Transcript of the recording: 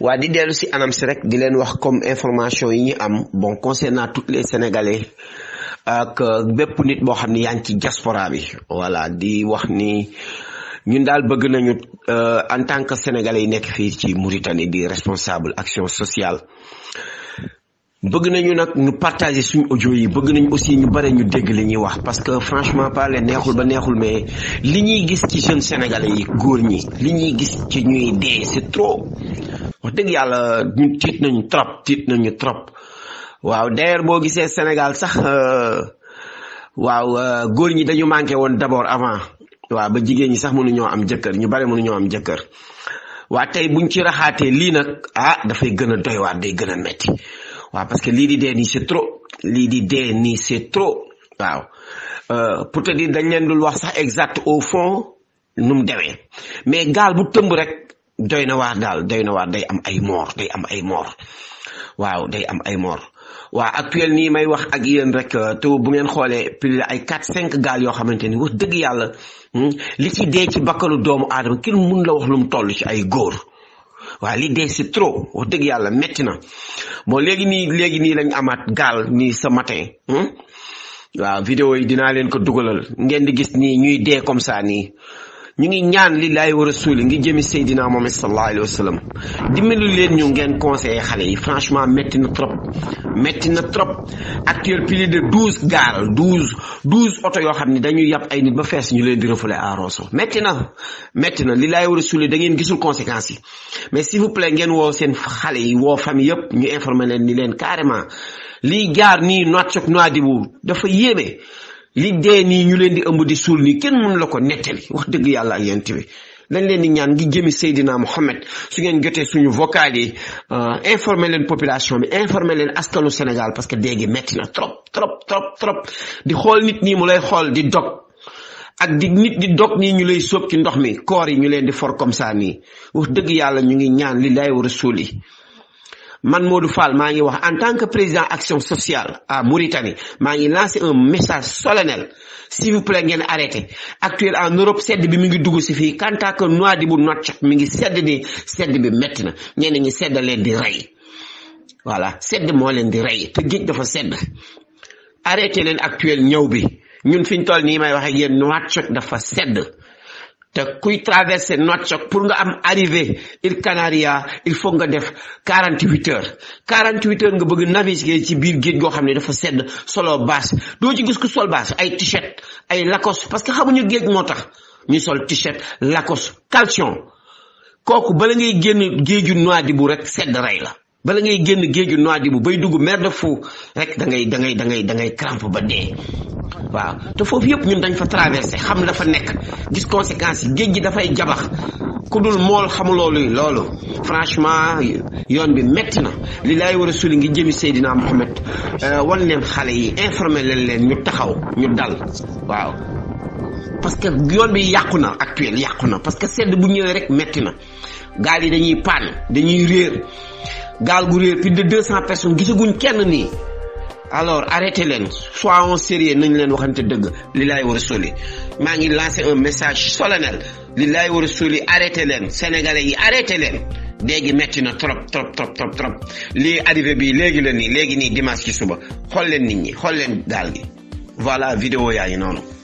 waa di dellu si anam si rek di leen wax comme information yi ñu am bon concernant toutes les sénégalais ak euh, bépp nit boo xam ni yaa ngi ci diaspora bi voilà di wax ni ñun daal bëgg nañu euh, en tant que sénégalais yi nekk fii ci Mauritanie di responsable action sociale bëgg nañu nag ñu partager suñu audio yi bëgg nañu aussi ñu bare ñu dégg li ñuy wax parce que franchement parler neexul ba neexul mais li ñuy gis ci jeunes sénégalais yi góor ñi li ñuy gis ci ñuy dee c'est trop wax dëgg yàlla ñun tiit nañu trop tiit nañu trop waaw d'ailleurs boo gisee Sénégal sax euh, waaw euh, góor ñi dañu manqué woon d'abord avant waaw ba jigéen ñi sax mënuñoo am jëkkër ñu bare mënuñoo am jëkkër waa tey buñ ci raxaatee lii nag ah dafay gën a doy waar day gën a metti waaw parce que lii di dee nii c'est trop lii di dee nii c'est trop waaw euh, pour te dire dañ leen dul wax sax exact au fond nu mu demee mais gaal bu tëmb rek doy na waar daal doy na waar day am ay moor day am ay moor waaw day am ay moor waaw actuel nii may wax ak yéen rek euh, te bu ngeen xoolee pile ay quatre cinq gaal yoo xamante ni wax dëgg yàlla hmm, li ci dee ci bakkanu doomu aadama kenn mun la wax lu mu toll ci ay góor waa li dee c'est trop wax dëgg yàlla metti na bon léegi nii léegi nii lañ amaat gaal nii sa matin hmm? waaw vidéo yi dinaa leen ko dugalal ngeen di gis nii ñuy dee comme ça nii ñu ngi ñaan war a rasuli ngi jëmi Seydina Mohamed sallallahu alayhi wa sallam dimbali leen ñu ngeen conseillé xale yi franchement métti na trop métti na trop actuel plus de douze gaar douze oto yoo xam ne dañuy yàpp ay nit ba fees ñu leen di refoulé à Rosso métti na métti na lillahi wa rasuli da ngeen gisul conséquences yi mais si vous plaît ngeen woo seen xale yi woo famille yëpp ñu informé leen ni leen carrément lii gaar nii noot cog noit di bu dafa yéeme li dee nii ñu leen di ëmb di suul nii kenn mënu la ko nettali wax dëgg yàlla ak yent bi dañ leen di ñaan ngi jëmi Seydina Mohamed su ngeen jotee suñu vocal yi euh, informer leen population bi informer leen askanu Sénégal parce que dee gi metti na trop trop trop di xool nit ñi mu lay xool di dog ak di nit di dog nii ñu lay sóob ci ndox mi koor yi ñu leen di for comme sa nii wax dëgg yàlla ñu ngi ñaan li lay war a suuli man moodu Fall maa ngi wax en tant que président action sociale à Mauritanie maa ngi lancé un message solennel si vous plaît ngeen arrêté actuel en Europe sedd bi mi ngi dugg si fii quant à que Nouadhibou Nouakchott mi ngi sedd ni sedd bi métti na ñenn ñi sedd leen di rey voilà sedd moo leen di rey te géej dafa sedd arrêté leen actuel ñëw bi ñun fi ñu toll nii may wax ak yéen Nouakchott dafa sedd te kuy traversé Nouakchott pour nga am arrivé île Canaria il faut nga def quarante huit heures quarante huit nga bëgg naviguer ci biir géej goo xam ne dafa sedd solo baas doo ci gis ku sol baas ay t-shirt ay Lacoste parce que xamuñu géej moo tax ñu sol t-shirt Lacoste calcium kooku bala ngay génn géeju Nouadhibou rek sedd rey la bala ngay génn géeju noidi bu bay dugg mer de fu rek da ngay da ngay da ngay crampe ba dee waaw te foofu yëpp ñun dañ fa traversé xam la dafa nekk gis conséquences géej gi dafay jabax ku dul mool xamuloo luy loolu franchement yoon bi metti na li lay war a suli ngi jëmi Seydina Mohamed euh, wan leen xale yi informé leen leen ñu taxaw ñu dal waaw parce que yoon bi yàqu na actuel yàqu na parce que sedd bu ñëwee rek metti na gaal yi dañuy paan dañuy réer gaal gu réer plus de deux cent personnes gisaguñ kenn nii alors arrêtez leen soyons sérieux nañ leen waxante dëgg li laay war a soli maa ngi lancé un message solennel li laay war a soli arrêtez leen sénégalais yi arrêtez leen léegi metti na trop trop trop trop trop li arrivé bi léegi la nii léegi nii dimanche ci suba xool leen nit ñi xool leen gaal gi voilà vidéo yaa ngi noonu